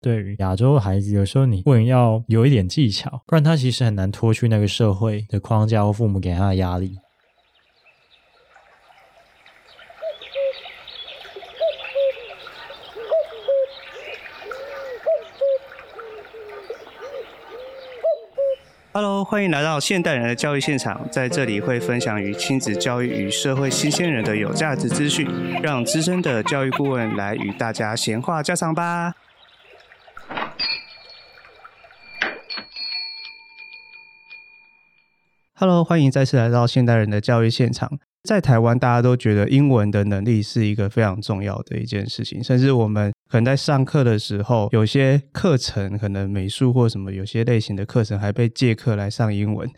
對於亞洲孩子，有時候你不能要有一點技巧，不然他其實很難脫去那個社會的框架或父母給他的壓力。Hello，歡迎來到現代人的教育現場，在這裡會分享與親子教育與社會新鮮人的有價值資訊，讓資深的教育顧問來與大家閒話家常吧。哈嘍，歡迎再次來到現代人的教育現場。在台灣，大家都覺得英文的能力是一個非常重要的一件事情，甚至我們可能在上課的時候，有些課程可能美術或什麼有些類型的課程還被借課來上英文。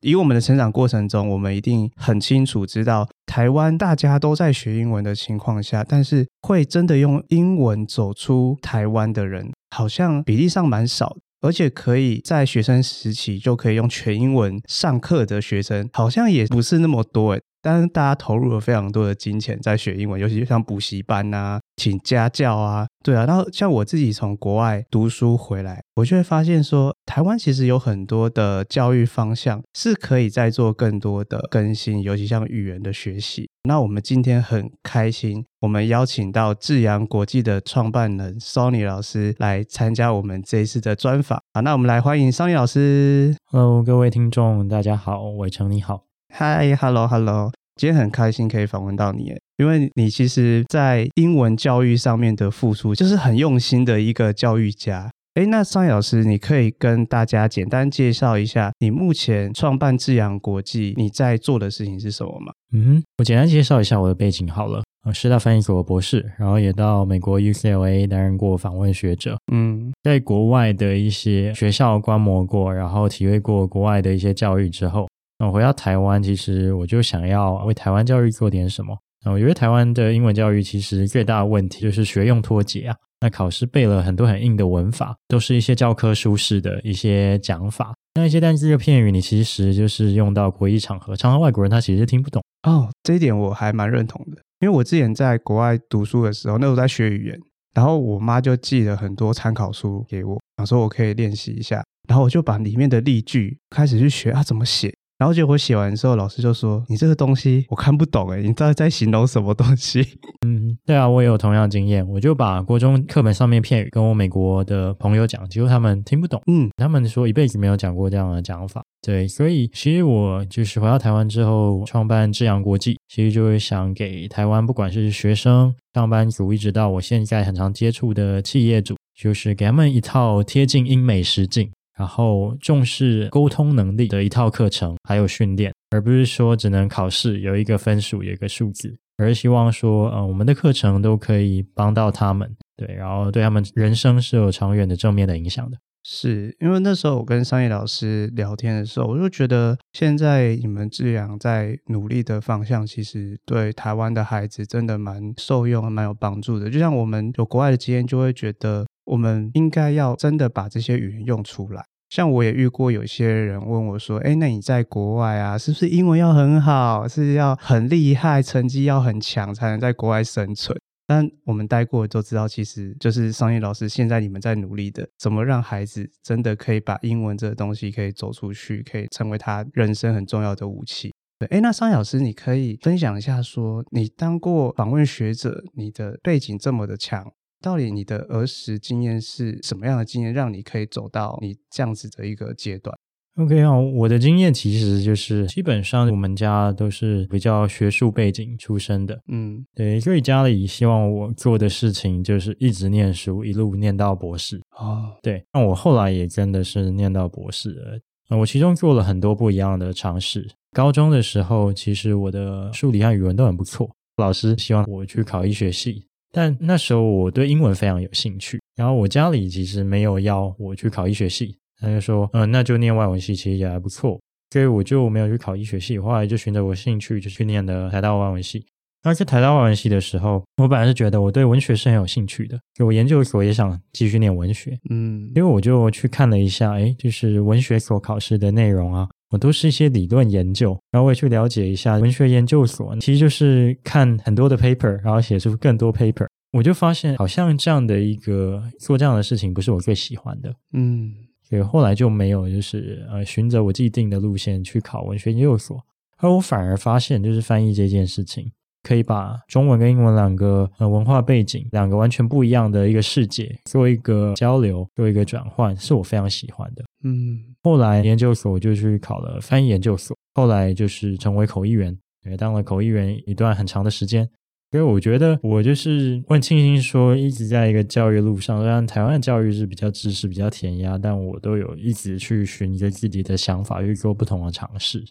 以我們的成長過程中，我們一定很清楚知道，台灣大家都在學英文的情況下，但是會真的用英文走出台灣的人，好像比例上蠻少。而且可以在學生時期就可以用全英文上課的學生，好像也不是那麼多欸。但是大家投入了非常多的金錢在學英文，尤其像補習班啊，請家教啊，對啊。然後像我自己從國外讀書回來，我就會發現說，台灣其實有很多的教育方向是可以再做更多的更新，尤其像語言的學習。那我們今天很開心，我們邀請到炙陽國際的創辦人 Sonny 老師來參加我們這一次的專訪。好，那我們來歡迎 Sonny 老師。Hello、哦、各位聽眾，大家好，偉成你好。Hi，Hello，Hello，hello. 今天很開心可以訪問到你，因為你其實在英文教育上面的付出，就是很用心的一個教育家。哎，那 Sonny 老師，你可以跟大家簡單介紹一下你目前創辦炙陽國際你在做的事情是什麼嗎？嗯，我簡單介紹一下我的背景好了。我是師大翻譯所博士，然後也到美國 UCLA 擔任過訪問學者。嗯，在國外的一些學校觀摩過，然後體會過國外的一些教育之後。我回到台灣，其實我就想要為台灣教育做點什麼。我覺得台灣的英文教育其實最大的問題就是學用脫節啊。那考試背了很多很硬的文法，都是一些教科書式的一些講法。那一些單字的片語，你其實就是用到國際場合，常常外國人他其實聽不懂。哦，這一點我還蠻認同的，因為我之前在國外讀書的時候，那時候在學語言，然後我媽就寄了很多參考書給我，想說我可以練習一下。然後我就把裡面的例句開始去學，啊，怎麼寫。然後結果寫完之後，老師就說：“你這個東西我看不懂，誒你到底在形容什麼東西？”嗯，對啊，我也有同樣的經驗。我就把國中課本上面片語跟我美國的朋友講，結果他們聽不懂。嗯，他們說一輩子沒有講過這樣的講法。對，所以其實我就是回到台灣之後創辦炙陽國際，其實就是想給台灣不管是學生、上班族，一直到我現在很常接觸的企業主，就是給他們一套貼近英美實境。然後重視溝通能力的一套課程，還有訓練，而不是說只能考試有一個分數，有一個數字，而是希望說，嗯，我們的課程都可以幫到他們，對，然後對他們人生是有長遠的正面的影響的。是因為那時候我跟 Sonny 老師聊天的時候，我就覺得現在你們這樣在努力的方向，其實對台灣的孩子真的蠻受用，蠻有幫助的。就像我們有國外的經驗，就會覺得。我們應該要真的把這些語言用出來。像我也遇過有些人問我說：“哎，那你在國外啊，是不是英文要很好，是，是要很厲害，成績要很強，才能在國外生存？”但我們待過的都知道，其實就是 Sonny 老師，現在你們在努力的，怎麼讓孩子真的可以把英文這個東西可以走出去，可以成為他人生很重要的武器？哎，那 Sonny 老師，你可以分享一下說，說你當過訪問學者，你的背景這麼的強。到底你的兒時經驗是什麼樣的經驗，讓你可以走到你這樣子的一個階段？OK 啊，我的經驗其實就是基本上我們家都是比較學術背景出身的，嗯，對。所以家裡希望我做的事情就是一直念書，一路念到博士啊。哦，對，那我後來也真的是念到博士了。那我其中做了很多不一樣的嘗試。高中的時候，其實我的數理和語文都很不錯，老師希望我去考醫學系。但那時候我對英文非常有興趣，然後我家裡其實沒有要我去考醫學系，他就說，嗯，那就念外文系，其實也還不錯，所以我就沒有去考醫學系，後來就尋着我興趣就去念了台大外文系。那在台大外文系的時候，我本來是覺得我對文學是很有興趣的，所以我研究所也想繼續念文學，嗯，因為我就去看了一下，哎，就是文學所考試的內容啊。我都是一些理論研究，然後我也去了解一下文學研究所，其實就是看很多的 paper，然後寫出更多 paper。我就發現，好像這樣的一個做這樣的事情，不是我最喜歡的。嗯，所以後來就沒有就是呃，循着我既定的路線去考文學研究所，而我反而發現，就是翻譯這件事情，可以把中文跟英文兩個呃文化背景、兩個完全不一樣的一個世界做一個交流、做一個轉換，是我非常喜歡的。嗯，後來研究所我就去考了翻譯研究所，後來就是成為口譯員，對，當了口譯員一段很長的時間。所以我覺得我就是很慶幸，說一直在一個教育路上，雖然台灣的教育是比較知識比較填鴨，但我都有一直去尋一個自己的想法，去做不同的嘗試。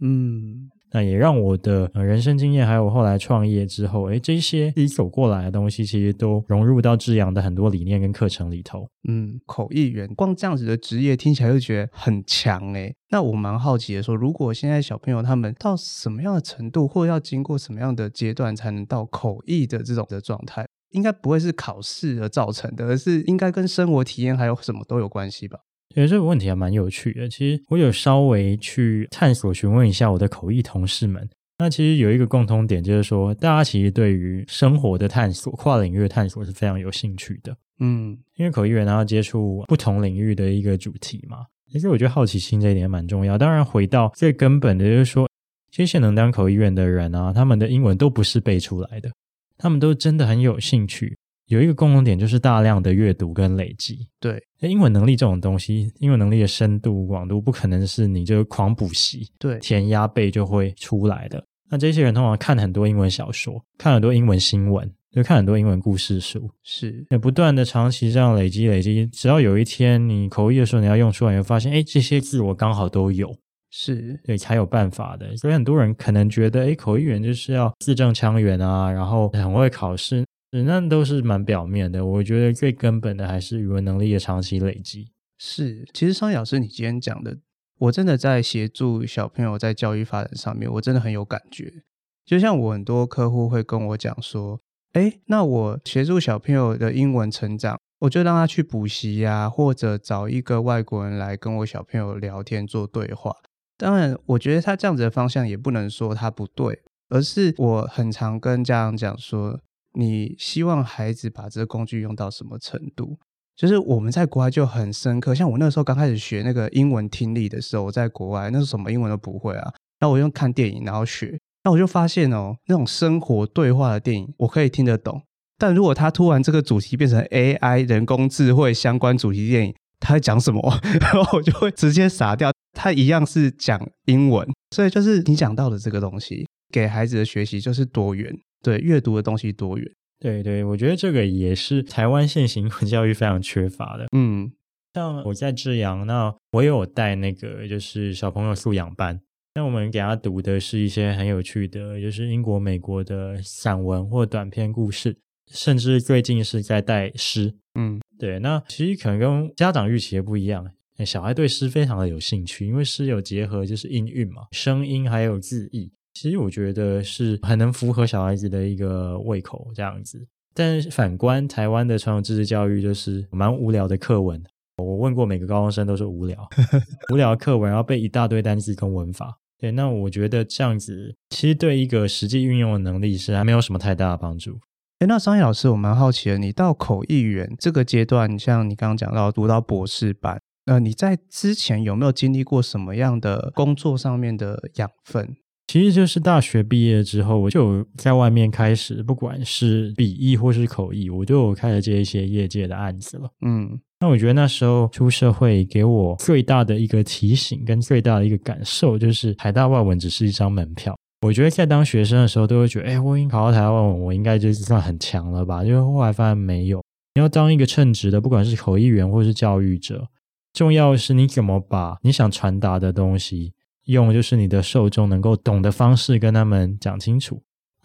嗯。那也讓我的人生經驗，還有我後來創業之後，哎，這些自己走過來的東西，其實都融入到炙陽的很多理念跟課程裡頭。嗯，口譯員光這樣子的職業聽起來就覺得很強哎、欸。那我蠻好奇的說，如果現在小朋友他們到什麼樣的程度，或者要經過什麼樣的階段才能到口譯的這種的狀態，應該不會是考試而造成的，而是應該跟生活體驗還有什麼都有關係吧？其實這個問題還蠻有趣的。其實我有稍微去探索詢問一下我的口譯同事們，那其實有一個共通點，就是說大家其實對於生活的探索、跨領域的探索是非常有興趣的。嗯，因為口譯員啊，要接觸不同領域的一個主題嘛。其實我覺得好奇心這一點蠻重要。當然，回到最根本的，就是說，其實能當口譯員的人啊，他們的英文都不是背出來的，他們都真的很有興趣。有一個共同點，就是大量的閱讀跟累積。對，那英文能力這種東西，英文能力的深度廣度，不可能是你就狂補習、對填鴨背就會出來的。那這些人通常看很多英文小說，看很多英文新聞，就看很多英文故事書，是那不斷的長期這樣累積累積，只要有一天你口譯的時候你要用出來，你會發現哎這些字我剛好都有，是對才有辦法的。所以很多人可能覺得哎口譯員就是要字正腔圓啊，然後很會考試。那都是蠻表面的，我覺得最根本的還是語文能力的長期累積。是，其實 Sonny 老師，你今天講的，我真的在協助小朋友在教育發展上面，我真的很有感覺。就像我很多客戶會跟我講說：“誒，那我協助小朋友的英文成長，我就讓他去補習啊，或者找一個外國人來跟我小朋友聊天做對話。”當然，我覺得他這樣子的方向也不能說他不對，而是我很常跟家長講說。你希望孩子把這個工具用到什麼程度？就是我們在國外就很深刻，像我那時候剛開始學那個英文聽力的時候，我在國外那時候什麼英文都不會啊。然後我用看電影，然後學，那我就發現哦，那種生活對話的電影我可以聽得懂，但如果他突然這個主題變成 AI 人工智慧相關主題電影，他會講什麼，然 後我就會直接傻掉。他一樣是講英文，所以就是你講到的這個東西，給孩子的學習就是多元。對，閱讀的東西多元，對對，我覺得這個也是台灣現行文教育非常缺乏的。嗯，像我在炙陽，那我也有帶那個就是小朋友素養班，那我們給他讀的是一些很有趣的，就是英國、美國的散文或短篇故事，甚至最近是在帶詩。嗯，對，那其實可能跟家長預期也不一樣，欸，小孩對詩非常的有興趣，因為詩有結合就是音韻嘛，聲音還有字意。其實我覺得是很能符合小孩子的一個胃口這樣子，但是反觀台灣的傳統知識教育，就是蠻無聊的課文。我問過每個高中生，都是：「無聊， 無聊課文，然後背一大堆單詞跟文法。對，那我覺得這樣子，其實對一個實際運用的能力是還沒有什麼太大的幫助。哎，那 Sonny 老師，我蠻好奇的，你到口譯員這個階段，像你剛剛講到讀到博士班，呃，你在之前有沒有經歷過什麼樣的工作上面的養分？其實就是大學畢業之後，我就在外面開始，不管是筆譯或是口譯，我就有開始接一些業界的案子了。嗯，那我覺得那時候出社會給我最大的一個提醒跟最大的一個感受，就是台大外文只是一張門票。我覺得在當學生的時候，都會覺得，哎，我已經考到台大外文，我應該就算很強了吧？因為後來發現沒有，你要當一個稱職的，不管是口譯員或是教育者，重要是你怎麼把你想傳達的東西，用就是你的受眾能夠懂的方式跟他們講清楚，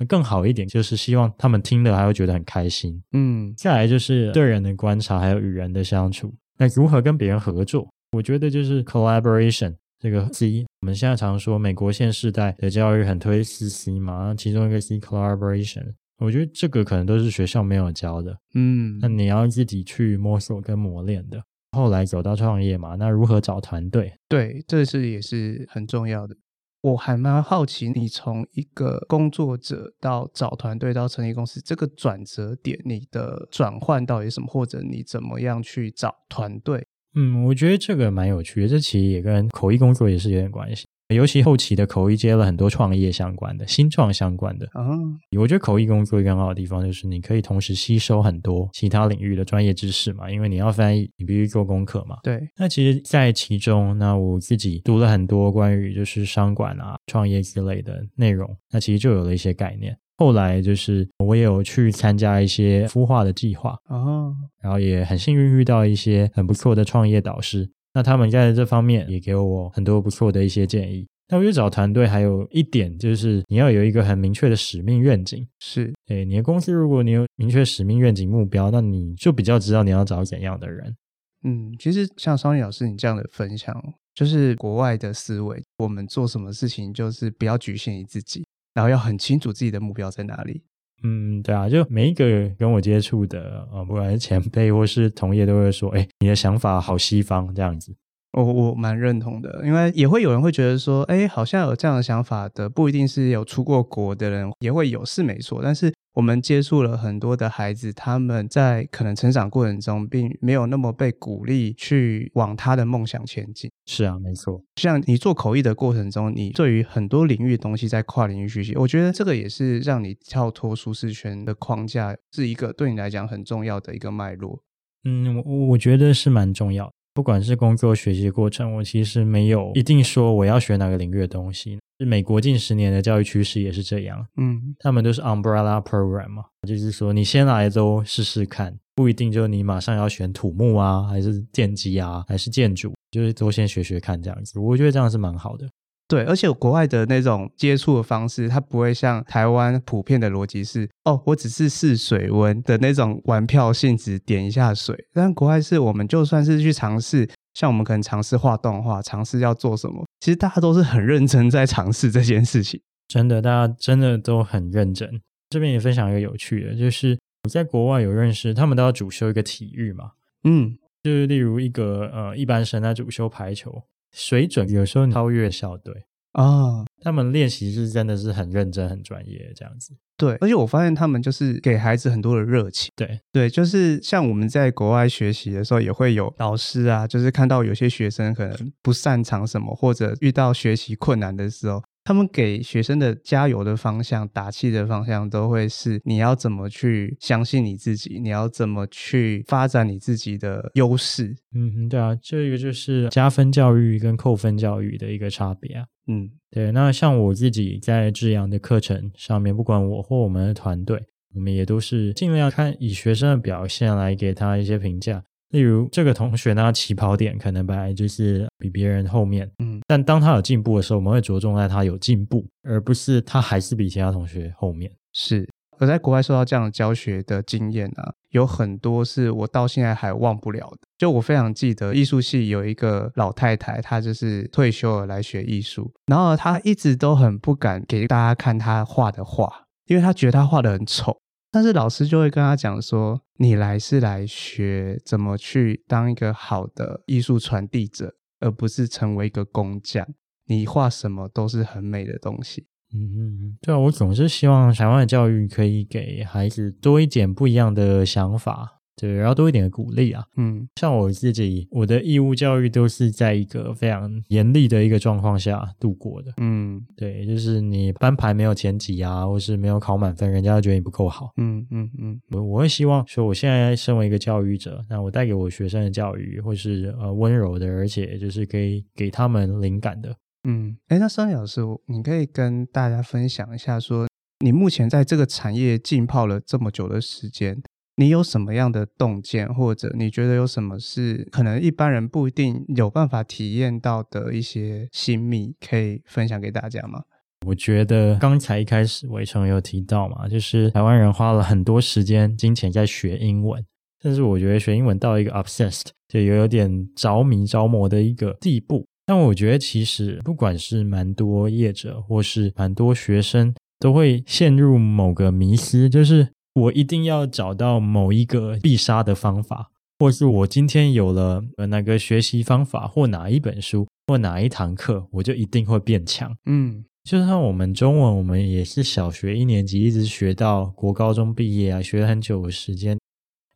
更好一點就是希望他們聽了還會覺得很開心。嗯，再來就是對人的觀察還有與人的相處，那如何跟別人合作？我覺得就是 collaboration 這個 C，我們現在常說美國現世代的教育很推四 C 嘛，其中一個 C collaboration，我覺得這個可能都是學校沒有教的，嗯，那你要自己去摸索跟磨練的。後來走到創業嘛，那如何找團隊？對，這是也是很重要的。我還蠻好奇，你從一個工作者到找團隊到成立公司，這個轉折點，你的轉換到底是什麼？或者你怎麼樣去找團隊？嗯，我覺得這個蠻有趣的。這其實也跟口譯工作也是有點關係。尤其後期的口譯接了很多創業相關的、新創相關的啊。Uh -huh. 我覺得口譯工作一個很好的地方就是你可以同時吸收很多其他領域的專業知識嘛，因為你要翻譯，你必須做功課嘛。對。那其實在其中，那我自己讀了很多關於就是商管啊、創業之類的內容，那其實就有了一些概念。後來就是我也有去參加一些孵化的計劃啊，Uh -huh. 然後也很幸運遇到一些很不錯的創業導師。那他們在這方面也給我很多不錯的一些建議。那我覺得找團隊還有一點就是，你要有一個很明確的使命願景。是，對，你的公司如果你有明確使命願景目標，那你就比較知道你要找怎樣的人。嗯，其實像雙月老師你這樣的分享，就是國外的思維，我們做什麼事情就是不要侷限於自己，然後要很清楚自己的目標在哪裡。嗯，對啊，就每一個跟我接觸的啊，不管是前輩或是同業，都會說，哎，你的想法好西方這樣子。我我蠻認同的，因為也會有人會覺得說，哎，好像有這樣的想法的，不一定是有出過國的人也會有，是沒錯。但是我們接觸了很多的孩子，他們在可能成長過程中，並沒有那麼被鼓勵去往他的夢想前進。是啊，沒錯。像你做口譯的過程中，你對於很多領域的東西在跨領域學習，我覺得這個也是讓你跳脫舒適圈的框架，是一個對你來講很重要的一個脈絡。嗯，我我覺得是蠻重要的。不管是工作學習的過程，我其實沒有一定說我要學哪個領域的東西。是美國近十年的教育趨勢也是這樣，嗯，他們都是 umbrella program 嘛，就是說你先來都試試看，不一定就你馬上要選土木啊，還是電機啊，還是建築，就是都先學學看這樣子。我覺得這樣是蠻好的。對，而且國外的那種接觸的方式，它不會像台灣普遍的邏輯是哦，我只是試水溫的那種玩票性質，點一下水。但國外是我們就算是去嘗試，像我們可能嘗試畫動畫，嘗試要做什麼，其實大家都是很認真在嘗試這件事情。真的，大家真的都很認真。這邊也分享一個有趣的，就是你在國外有認識，他們都要主修一個體育嘛？嗯，就是例如一個呃，一般生在主修排球。水準有時候超越校隊啊，他們練習是真的是很認真、很專業這樣子。對，而且我發現他們就是給孩子很多的熱情。對對，就是像我們在國外學習的時候，也會有老師啊，就是看到有些學生可能不擅長什麼，嗯、或者遇到學習困難的時候。他們給學生的加油的方向、打氣的方向，都會是你要怎麼去相信你自己，你要怎麼去發展你自己的優勢。嗯，對啊，這個就是加分教育跟扣分教育的一個差別啊。嗯，對，那像我自己在炙陽的課程上面，不管我或我們的團隊，我們也都是盡量看以學生的表現來給他一些評價。例如這個同學呢，起跑點可能本來就是比別人後面，嗯，但當他有進步的時候，我們會着重在他有進步，而不是他還是比其他同學後面。是。我在國外受到這樣的教學的經驗呢，啊，有很多是我到現在還忘不了的。就我非常記得，藝術系有一個老太太，她就是退休了來學藝術，然後她一直都很不敢給大家看她畫的畫，因為她覺得她畫得很醜。但是老師就會跟他講說：“你來是來學怎麼去當一個好的藝術傳遞者，而不是成為一個工匠。你畫什麼都是很美的東西。”嗯，嗯，對啊，我總是希望台灣的教育可以給孩子多一點不一樣的想法。對，然後多一點鼓勵啊，嗯，像我自己，我的義務教育都是在一個非常嚴厲的一個狀況下度過的，嗯，對，就是你班排沒有前幾啊，或是沒有考滿分，人家都覺得你不夠好，嗯嗯嗯，我我會希望說，我現在身為一個教育者，那我帶給我學生的教育，或是呃溫柔的，而且就是可以給他們靈感的，嗯，誒，那 Sonny 老師，你可以跟大家分享一下說，說你目前在這個產業浸泡了這麼久的時間。你有什麼樣的洞見，或者你覺得有什麼是可能一般人不一定有辦法體驗到的一些心理可以分享給大家嗎？我覺得剛才一開始偉成有提到嘛，就是台灣人花了很多時間、金錢在學英文，但是我覺得學英文到一個 obsessed，就有點着迷、着魔的一個地步。但我覺得其實不管是蠻多業者或是蠻多學生，都會陷入某個迷思，就是。我一定要找到某一個必殺的方法，或是我今天有了呃那個學習方法，或哪一本書，或哪一堂課，我就一定會變強。嗯，就像我們中文，我們也是小學一年級一直學到國高中畢業啊，學了很久的時間。誒、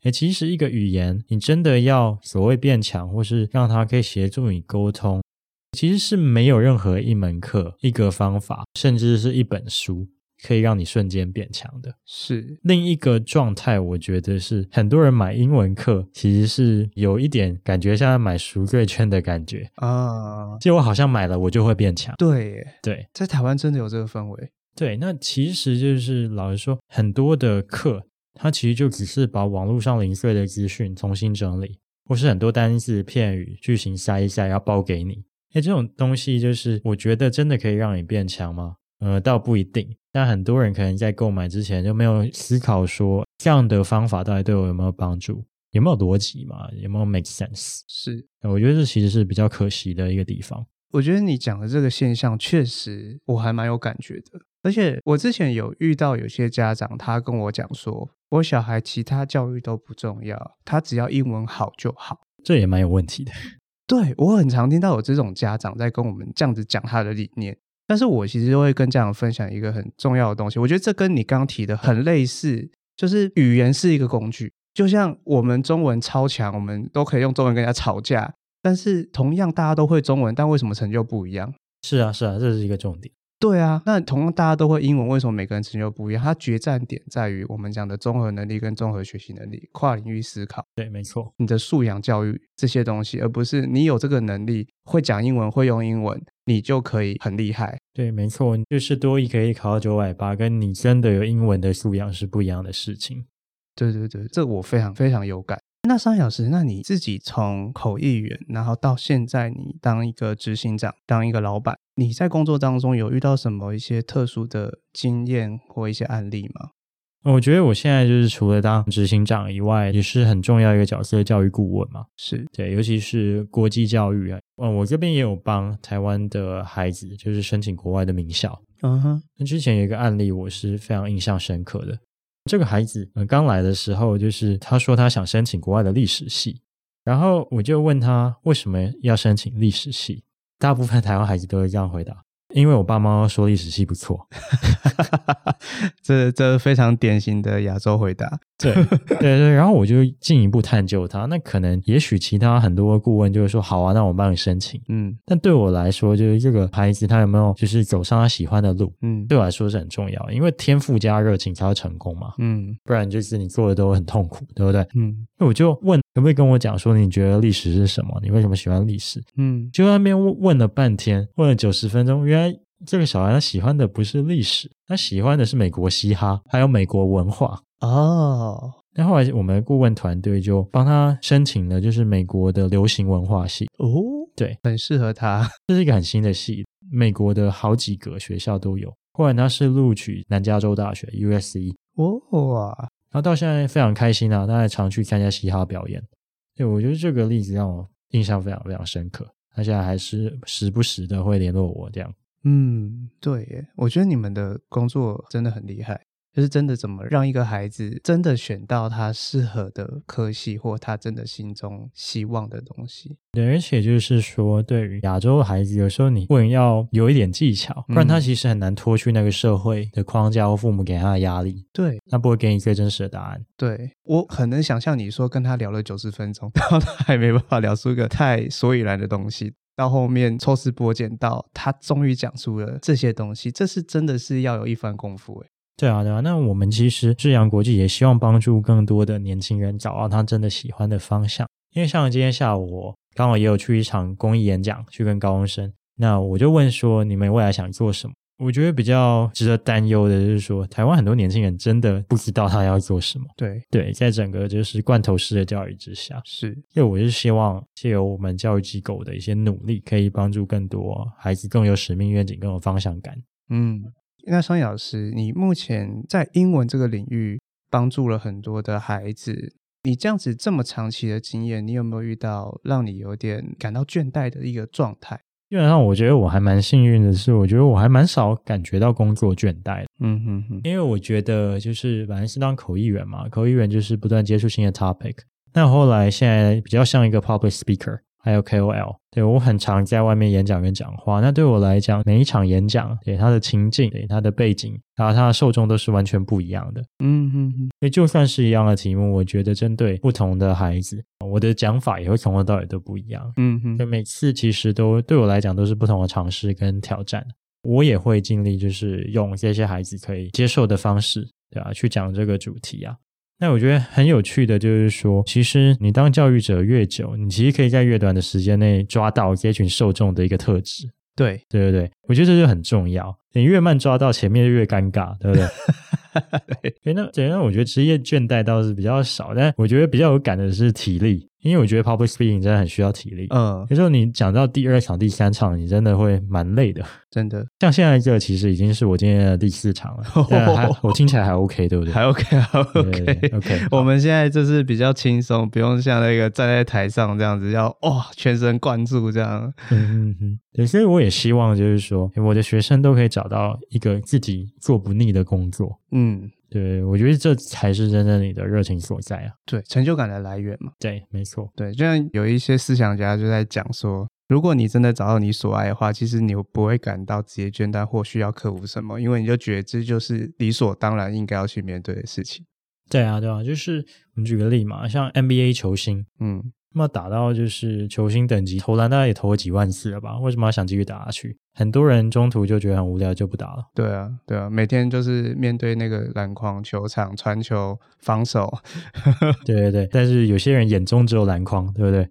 欸，其實一個語言，你真的要所謂變強，或是讓它可以協助你溝通，其實是沒有任何一門課、一個方法，甚至是一本書。可以讓你瞬間變強的是另一個狀態，我覺得是很多人買英文課，其實是有一點感覺，像買贖罪券的感覺啊，就我好像買了，我就會變強。對對，在台灣真的有這個氛圍。對，那其實就是老實說，很多的課，它其實就只是把網絡上零碎的資訊重新整理，或是很多單字、片語、句型塞一下，要包給你。誒，這種東西就是，我覺得真的可以讓你變強嗎？呃，倒不一定，但很多人可能在購買之前就沒有思考說，這樣的方法到底對我有沒有幫助，有沒有邏輯嘛，有沒有 make sense？是。嗯，我覺得這其實是比較可惜的一個地方。我覺得你講的這個現象確實我還蠻有感覺的，而且我之前有遇到有些家長，他跟我講說，我小孩其他教育都不重要，他只要英文好就好。這也蠻有問題的。對，我很常聽到有這種家長在跟我們這樣子講他的理念。但是我其實會跟家長分享一個很重要的東西，我覺得這跟你剛剛提的很類似，嗯，就是語言是一個工具，就像我們中文超強，我們都可以用中文跟人家吵架，但是同樣大家都會中文，但為什麼成就不一樣？是啊，是啊，這是一個重點。對啊，那同樣大家都會英文，為什麼每個人成就不一樣？它決戰點在於我們講的綜合能力跟綜合學習能力，跨領域思考。對，沒錯，你的素養教育這些東西，而不是你有這個能力，會講英文，會用英文。你就可以很厲害，對，沒錯，就是多益可以考到九百八，跟你真的有英文的素養是不一樣的事情。對對對，這我非常非常有感。那三小時，那你自己從口譯員，然後到現在你當一個執行長，當一個老闆，你在工作當中有遇到什麼一些特殊的經驗或一些案例嗎？我覺得我現在就是除了當執行長以外，也是很重要一個角色，教育顧問嘛。是對，尤其是國際教育啊，嗯，我這邊也有幫台灣的孩子，就是申請國外的名校。嗯哼，之前有一個案例，我是非常印象深刻的。這個孩子、嗯、剛來的時候，就是他說他想申請國外的歷史系，然後我就問他為什麼要申請歷史系，大部分台灣孩子都會這樣回答。因為我爸媽說歷史系不錯 這，這這非常典型的亞洲回答。對，對對對。 然後我就進一步探究他，那可能也許其他很多顧問就會說，好啊，那我幫你申請。嗯，但對我來說，就是這個孩子他有沒有就是走上他喜歡的路，嗯，對我來說是很重要，因為天賦加熱情才會成功嘛，嗯，不然就是你做的都很痛苦，對不對？嗯。我就問可不可以跟我講說，你覺得歷史是什麼？你為什麼喜歡歷史？嗯，就在那邊問問了半天，問了九十分鐘。原來這個小孩他喜歡的不是歷史，他喜歡的是美國嘻哈，還有美國文化哦。那後來我們顧問團隊就幫他申請了，就是美國的流行文化系哦，對，很適合他。這是一個很新的系，美國的好幾個學校都有。後來他是錄取南加州大學 USC。哇。哦哦啊然後到現在非常開心啊，他還常去參加嘻哈表演。對，我覺得這個例子讓我印象非常非常深刻。他現在還是時不時的會聯絡我這樣。嗯，對耶，我覺得你們的工作真的很厲害。就是真的怎麼讓一個孩子真的選到他適合的科系，或他真的心中希望的東西。對，而且就是說，對於亞洲孩子，有時候你不僅要有一點技巧、嗯，不然他其實很難脫去那個社會的框架或父母給他的壓力。對，他不會給你最真實的答案。對，我很能想象你說跟他聊了九十分鐘，然後他還沒辦法聊出一個太所以然的東西，到後面抽絲剝繭，到他終於講出了這些東西，這是真的是要有一番功夫誒。對啊，對啊。那我們其實炙陽國際也希望幫助更多的年輕人找到他真的喜歡的方向。因為像今天下午，我剛好也有去一場公益演講，去跟高中生。那我就問說：“你們未來想做什麼？”我覺得比較值得擔憂的就是說，台灣很多年輕人真的不知道他要做什麼。對對，在整個就是罐頭式的教育之下，是。所以我是希望借由我們教育機構的一些努力，可以幫助更多孩子更有使命願景，更有方向感。嗯。那 Sonny 老師，你目前在英文這個領域幫助了很多的孩子，你這樣子這麼長期的經驗，你有沒有遇到讓你有點感到倦怠的一個狀態？基本上，我覺得我還蠻幸運的是，我覺得我還蠻少感覺到工作倦怠的。嗯嗯嗯，因為我覺得就是本來是當口譯員嘛，口譯員就是不斷接觸新的 topic，那後來現在比較像一個 public speaker。還有 KOL，對，我很常在外面演講跟講話。那對我來講，每一場演講，對他的情境，對他的背景，然後他的受眾都是完全不一樣的。嗯哼、哼，所以就算是一樣的題目，我覺得針對不同的孩子，我的講法也會從頭到尾都不一樣。嗯哼，所以每次其實都對我來講都是不同的嘗試跟挑戰。我也會盡力就是用這些孩子可以接受的方式，對吧、啊，去講這個主題啊。那我覺得很有趣的，就是說，其實你當教育者越久，你其實可以在越短的時間內抓到這群受眾的一個特質。對對對對，我覺得這就很重要。你越慢抓到，前面就越尷尬，對不對？ 對。那，怎樣？我覺得職業倦怠倒是比較少，但我覺得比較有感的是體力。因為我覺得 public speaking 真的很需要體力，嗯，有時候你講到第二場、第三場，你真的會蠻累的，真的。像現在這個其實已經是我今天的第四場了，哦哦、我聽起來還 OK，對不對？還 OK，OK，OK OK，還 OK、OK。我們現在就是比較輕鬆，不用像那個站在台上這樣子，要哇、哦、全神貫注這樣。嗯嗯嗯。所以我也希望就是說，我的學生都可以找到一個自己做不膩的工作。嗯。對，我覺得這才是真正你的熱情所在啊！對，成就感的來源嘛。對，沒錯。對，就像有一些思想家就在講說，如果你真的找到你所愛的話，其實你不會感到職業倦怠或需要克服什麼，因為你就覺得這就是理所當然應該要去面對的事情。對啊，對啊，就是我們舉個例嘛，像 NBA 球星，嗯。那打到就是球星等級，投籃大概也投了幾萬次了吧？為什麼要想繼續打下去？很多人中途就覺得很無聊，就不打了。對啊，對啊，每天就是面對那個籃筐、球場、傳球、防守。 對對對，但是有些人眼中只有籃筐，對不對？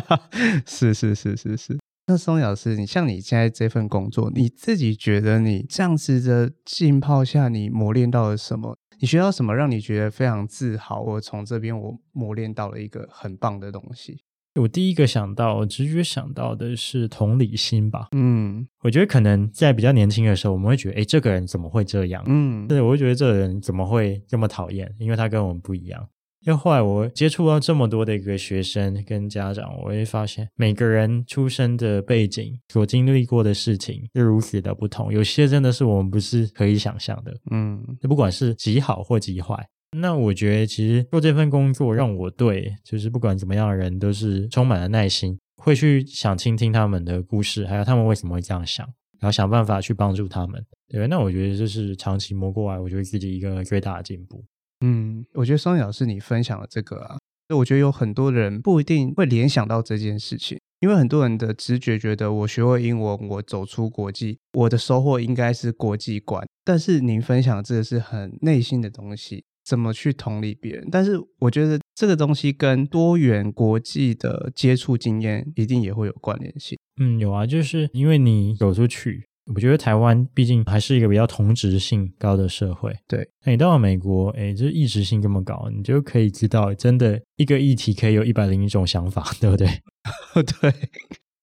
是是是是是。那 Sonny 老師，你像你現在這份工作，你自己覺得你這樣子的浸泡下，你磨練到了什麼？你學到什麼，讓你覺得非常自豪？我從這邊我磨練到了一個很棒的東西。我第一個想到，我直覺想到的是同理心吧。嗯，我覺得可能在比較年輕的時候，我們會覺得，哎、欸，這個人怎麼會這樣？嗯，對，我會覺得這個人怎麼會這麼討厭？因為他跟我們不一樣。因為後來我接觸到這麼多的一個學生跟家長，我會發現每個人出生的背景所經歷過的事情是如此的不同，有些真的是我們不是可以想象的。嗯，不管是極好或極壞，那我覺得其實做這份工作讓我對就是不管怎麼樣的人都是充滿了耐心，會去想傾聽他們的故事，還有他們為什麼會這樣想，然後想辦法去幫助他們。對，那我覺得就是長期磨過來，我覺得自己一個最大的進步。嗯，我覺得 Sonny 老師你分享了這個啊，那我覺得有很多人不一定會聯想到這件事情，因為很多人的直覺覺得我學會英文，我走出國際，我的收穫應該是國際觀。但是您分享的這個是很內心的東西，怎麼去同理別人？但是我覺得這個東西跟多元國際的接觸經驗一定也會有關聯性。嗯，有啊，就是因為你走出去。我覺得台灣畢竟還是一個比較同質性高的社會，對。那你到了美國，哎，這異質性這麼高，你就可以知道，真的一個議題可以有一百零一種想法，對不對？對。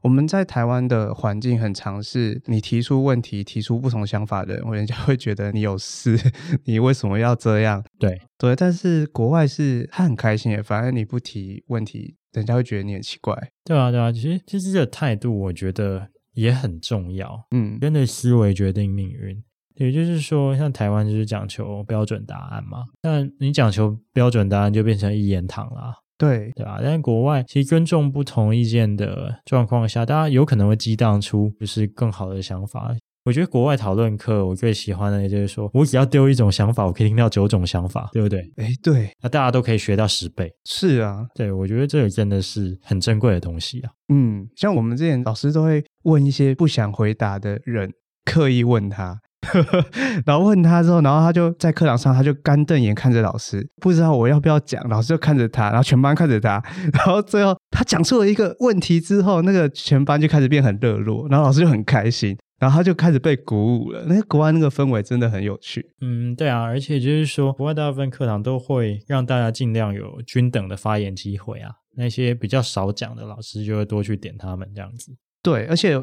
我們在台灣的環境很嘗試，你提出問題、提出不同想法的人，人家會覺得你有事，你為什麼要這樣？對對。但是國外是他很開心，反而你不提問題，人家會覺得你很奇怪。對啊對啊，其實其實這個態度，我覺得。也很重要，嗯，人的思維決定命運，也、嗯、就是說，像台灣就是講求標準答案嘛，那你講求標準答案就變成一言堂啦。對，對吧？但是國外其實尊重不同意見的狀況下，大家有可能會激盪出就是更好的想法。我覺得國外討論課我最喜歡的，也就是說，我只要丟一種想法，我可以聽到九種想法，對不對？哎，對，那、啊、大家都可以學到十倍。是啊，對，我覺得這個真的是很珍貴的東西啊。嗯，像我們之前老師都會問一些不想回答的人，刻意問他，呵呵，然後問他之後，然後他就在課堂上，他就乾瞪眼看着老師，不知道我要不要講，老師就看着他，然後全班看着他，然後最後他講出了一個問題之後，那個全班就開始變很熱絡，然後老師就很開心。然後他就開始被鼓舞了。那國外那個氛圍真的很有趣。嗯，對啊，而且就是說，國外大部分課堂都會讓大家儘量有均等的發言機會啊。那些比較少講的老師就會多去點他們這樣子。對，而且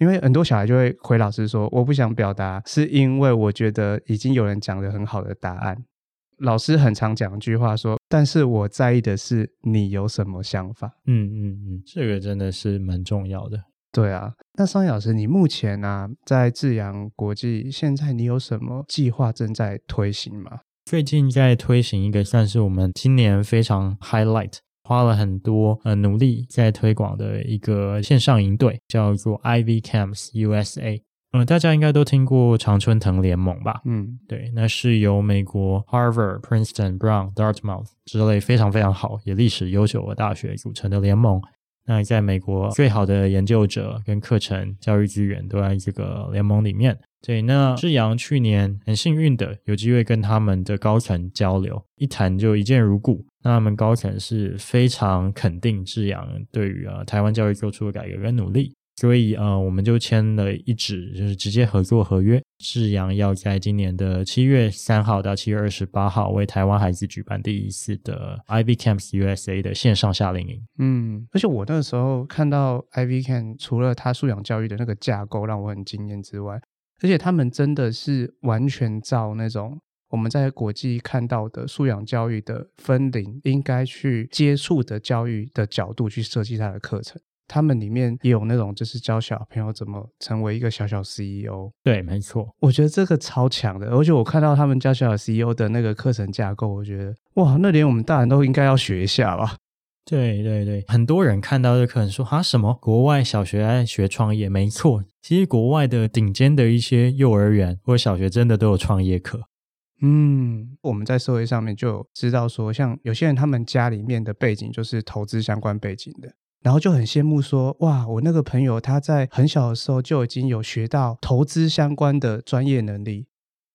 因為很多小孩就會回老師說：“我不想表達，是因為我覺得已經有人講了很好的答案。”老師很常講一句話說：“但是我在意的是你有什麼想法。”嗯嗯嗯嗯，這個真的是蠻重要的。對啊，那 Sonny 老師，你目前呢、啊、在炙陽國際，現在你有什麼計劃正在推行嗎？最近在推行一個算是我們今年非常 highlight，花了很多呃努力在推廣的一個線上營隊，叫做 Ivy Camps USA。嗯，大家應該都聽過常春藤聯盟吧？嗯，對，那是由美國 Harvard、Princeton、Brown、Dartmouth 之類非常非常好也歷史悠久的大學組成的聯盟。那在美國最好的研究者跟課程教育資源都在這個聯盟裡面。對，那炙陽去年很幸運的有機會跟他們的高層交流，一談就一見如故。那他們高層是非常肯定炙陽對於啊台灣教育做出的改革跟努力。所以呃，我們就簽了一紙，就是直接合作合約。炙陽要在今年的七月三號到七月二十八號，為台灣孩子舉辦第一次的 Ivy Camps USA 的線上夏令營。嗯，而且我那個時候看到 Ivy Camp 除了他素養教育的那個架構讓我很驚艷之外，而且他們真的是完全照那種我們在國際看到的素養教育的分齡應該去接觸的教育的角度去設計他的課程。他們裡面也有那種，就是教小朋友怎麼成為一個小小 CEO。對，沒錯，我覺得這個超強的，而且我看到他們教小小 CEO 的那個課程架構，我覺得哇，那連我們大人都應該要學一下吧。對對對，很多人看到這課程說啊，什麼國外小學愛學創業？沒錯，其實國外的頂尖的一些幼兒園或小學真的都有創業課。嗯，我們在社會上面就知道說，像有些人他們家裡面的背景就是投資相關背景的。然後就很羨慕說哇，我那個朋友他在很小的時候就已經有學到投資相關的專業能力，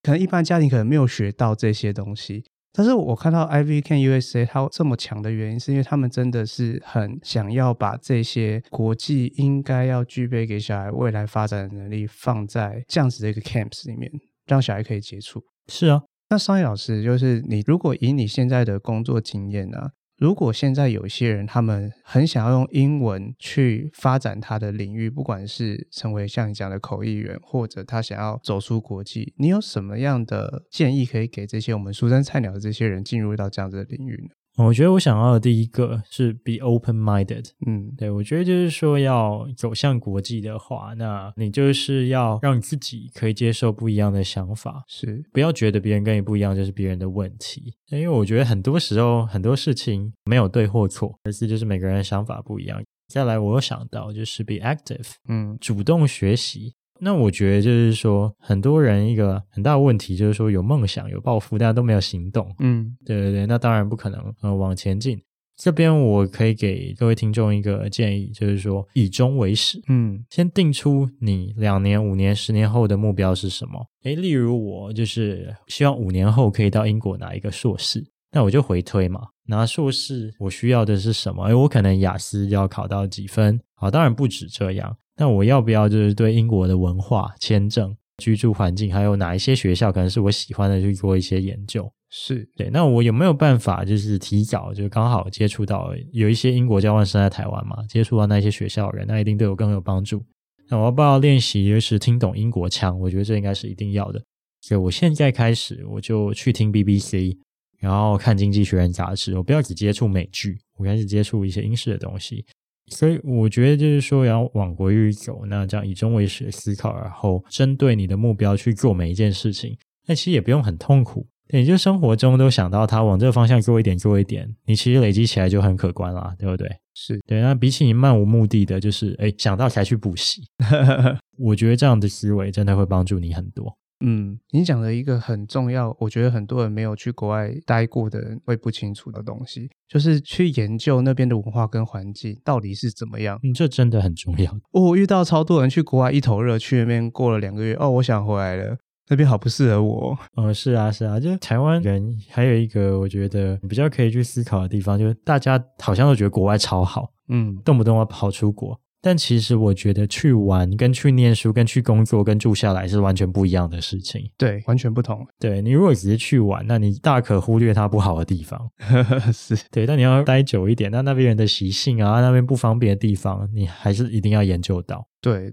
可能一般家庭可能沒有學到這些東西。但是我看到 IV Camp USA 它這麼強的原因，是因為他們真的是很想要把這些國際應該要具備給小孩未來發展的能力放在這樣子的一個 camps 裡面，讓小孩可以接觸。是啊，那 Sonny 老師就是你，如果以你現在的工作經驗啊。如果現在有些人，他們很想要用英文去發展他的領域，不管是成為像你講的口譯員，或者他想要走出國際，你有什麼樣的建議可以給這些我們初生菜鳥的這些人進入到這樣子的領域呢？我覺得我想要的第一個是 be open minded。嗯，對，我覺得就是說要走向國際的話，那你就是要讓你自己可以接受不一樣的想法，是不要覺得別人跟你不一樣就是別人的問題。因為我覺得很多時候很多事情沒有對或錯，可是就是每個人的想法不一樣。再來，我又想到就是 be active，嗯，主動學習。那我覺得就是說，很多人一個很大的問題就是說，有夢想、有抱負，但都沒有行動。嗯，對對對，那當然不可能呃，往前進。這邊我可以給各位聽眾一個建議，就是說以終為始，嗯，先定出你兩年、五年、十年後的目標是什麼？誒，例如我就是希望五年後可以到英國拿一個碩士，那我就回推嘛，拿碩士我需要的是什麼？誒，我可能雅思要考到幾分？好，當然不止這樣。那我要不要就是對英國的文化、簽證、居住環境，還有哪一些學校可能是我喜歡的去做一些研究？是對。那我有沒有辦法就是提早就剛好接觸到有一些英國交換生在台灣嘛，接觸到那些學校的人，那一定對我更有幫助。那我要不要練習就是聽懂英國腔？我覺得這應該是一定要的。所以我現在開始我就去聽 BBC，然後看《經濟學人》雜誌。我不要只接觸美劇，我開始接觸一些英式的東西。所以我覺得就是說，要往國域走，那這樣以終為始思考，然後針對你的目標去做每一件事情，那其實也不用很痛苦，對，你就生活中都想到它往這個方向做一點做一點，你其實累積起來就很可觀啦，對不對？是對。那比起你漫無目的的，就是哎想到才去補習， 我覺得這樣的思維真的會幫助你很多。嗯，你講了一個很重要，我覺得很多人沒有去國外待過的人會不清楚的東西，就是去研究那邊的文化跟環境到底是怎麼樣。嗯，這真的很重要。哦，我遇到超多人去國外一頭熱，去那邊過了兩個月，哦，我想回來了，那邊好不適合我。嗯、哦，是啊，是啊，就台灣人還有一個我覺得比較可以去思考的地方，就是大家好像都覺得國外超好，嗯，動不動要、啊、跑出國。但其實我覺得去玩跟去念書、跟去工作、跟住下來是完全不一樣的事情，對，完全不同。對，你如果只是去玩，那你大可忽略它不好的地方，呵 呵，是對。但你要待久一點，那那邊人的習性啊，那邊不方便的地方，你還是一定要研究到。對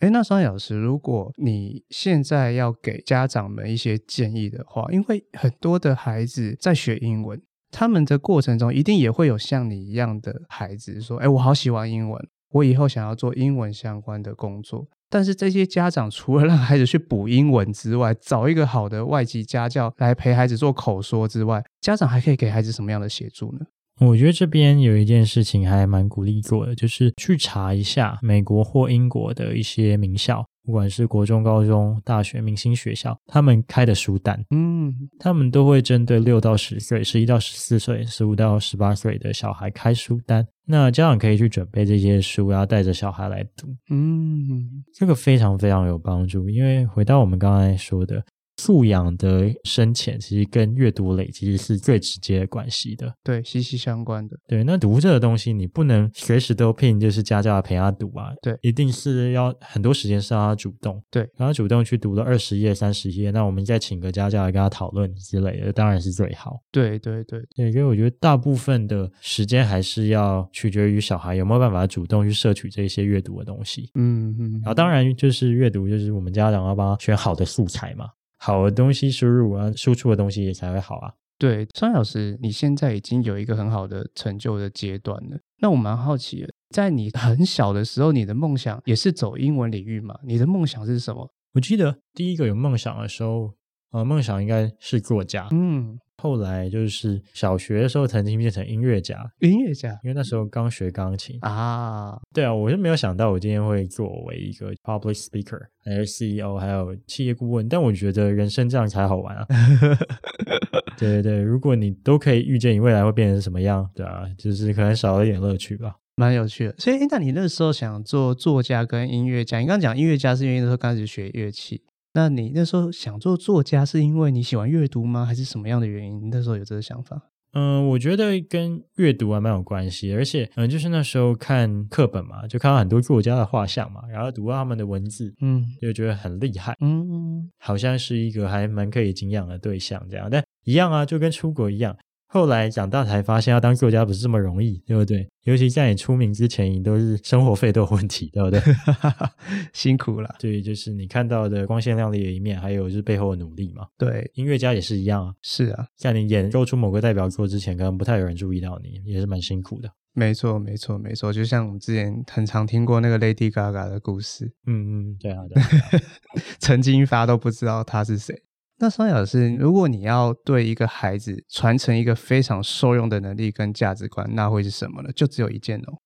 對，誒，那 Sonny 老師，如果你現在要給家長們一些建議的話，因為很多的孩子在學英文，他們的過程中一定也會有像你一樣的孩子說：“哎，我好喜歡英文。”我以後想要做英文相關的工作，但是這些家長除了讓孩子去補英文之外，找一個好的外籍家教來陪孩子做口說之外，家長還可以給孩子什麼樣的協助呢？我覺得這邊有一件事情還蠻鼓勵做的，就是去查一下美國或英國的一些名校。不管是國中、高中、大學、明星學校，他們開的書單，嗯，他們都會針對六到十歲、十一到十四歲、十五到十八歲的小孩開書單，那家長可以去準備這些書，啊，然後帶着小孩來讀，嗯，這個非常非常有幫助，因為回到我們剛才說的。素養的深淺其實跟閱讀累積是最直接的關係的，對，息息相關的。對，那讀這個東西，你不能隨時都聘，就是家教陪他讀啊，對，一定是要很多時間是讓他主動，對，讓他主動去讀了二十頁、三十頁，那我們再請個家教來跟他討論之類的，當然是最好。對對對，對，因為我覺得大部分的時間還是要取決於小孩有沒有辦法主動去攝取這一些閱讀的東西。嗯嗯，然後當然就是閱讀，就是我們家長要幫他選好的素材嘛。好的東西輸入啊，輸出的東西也才會好啊。對，Sonny 老師，你現在已經有一個很好的成就的階段了。那我蠻好奇的，在你很小的時候，你的夢想也是走英文領域嗎？你的夢想是什麼？我記得第一個有夢想的時候，呃，夢想應該是作家。嗯。後來就是小學的時候，曾經變成音樂家，音樂家，因為那時候剛學鋼琴啊。對啊，我就沒有想到我今天會作為一個 public speaker，還有 CEO，還有企業顧問。但我覺得人生這樣才好玩啊！對 對對，如果你都可以預見你未來會變成什麼樣，對啊，就是可能少了一點樂趣吧。蠻有趣的，所以那你那時候想做作家跟音樂家？你剛剛講音樂家是因為那時候剛開始學樂器。那你那時候想做作家，是因為你喜歡閱讀嗎？還是什麼樣的原因？那時候有這個想法？嗯，我覺得跟閱讀還蠻有關係，而且，嗯，就是那時候看課本嘛，就看到很多作家的畫像嘛，然後讀他們的文字，嗯，就覺得很厲害，嗯嗯，好像是一個還蠻可以敬仰的對象這樣。但一樣啊，就跟出國一樣。後來長大才發現，要當作家不是這麼容易，對不對？尤其在你出名之前，你都是生活費都有問題，對不對？ 辛苦了。對，就是你看到的光鮮亮麗的一面，還有就是背後的努力嘛。對，音樂家也是一樣啊。是啊，像你演奏出某個代表作之前，可能不太有人注意到你，也是蠻辛苦的。沒錯，沒錯，沒錯。就像我們之前很常聽過那個 Lady Gaga 的故事。嗯嗯，對啊，對啊 曾經大家都不知道她是誰。那 Sonny 老師，如果你要對一個孩子傳承一個非常受用的能力跟價值觀，那會是什麼呢？就只有一件哦。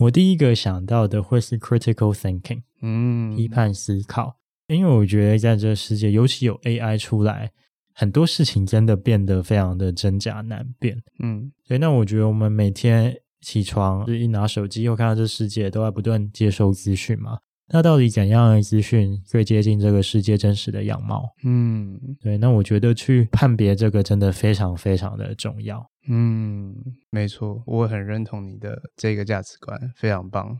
我第一個想到的會是 critical thinking，嗯，批判思考，因為我覺得在這個世界，尤其有 AI 出來，很多事情真的變得非常的真假難辨，嗯，所以那我覺得我們每天起床就一拿手機，又看到這世界，都在不斷接收資訊嘛。那到底怎樣的資訊最接近這個世界真實的樣貌？嗯，對，那我覺得去判別這個真的非常非常的重要。嗯，沒錯，我很認同你的這個價值觀，非常棒。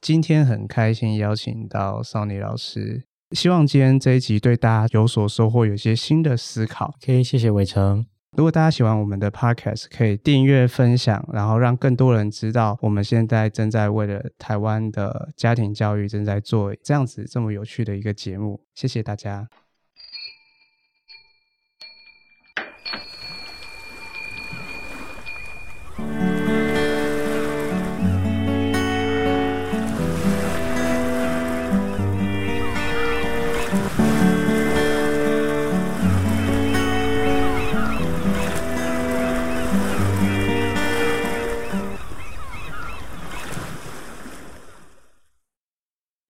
今天很開心邀請到 Sonny 老師，希望今天這一集對大家有所收穫，有些新的思考。可以，謝謝偉成。如果大家喜歡我們的 Podcast，可以訂閱、分享，然後讓更多人知道，我們現在正在為了台灣的家庭教育，正在做這樣子這麼有趣的一個節目。謝謝大家。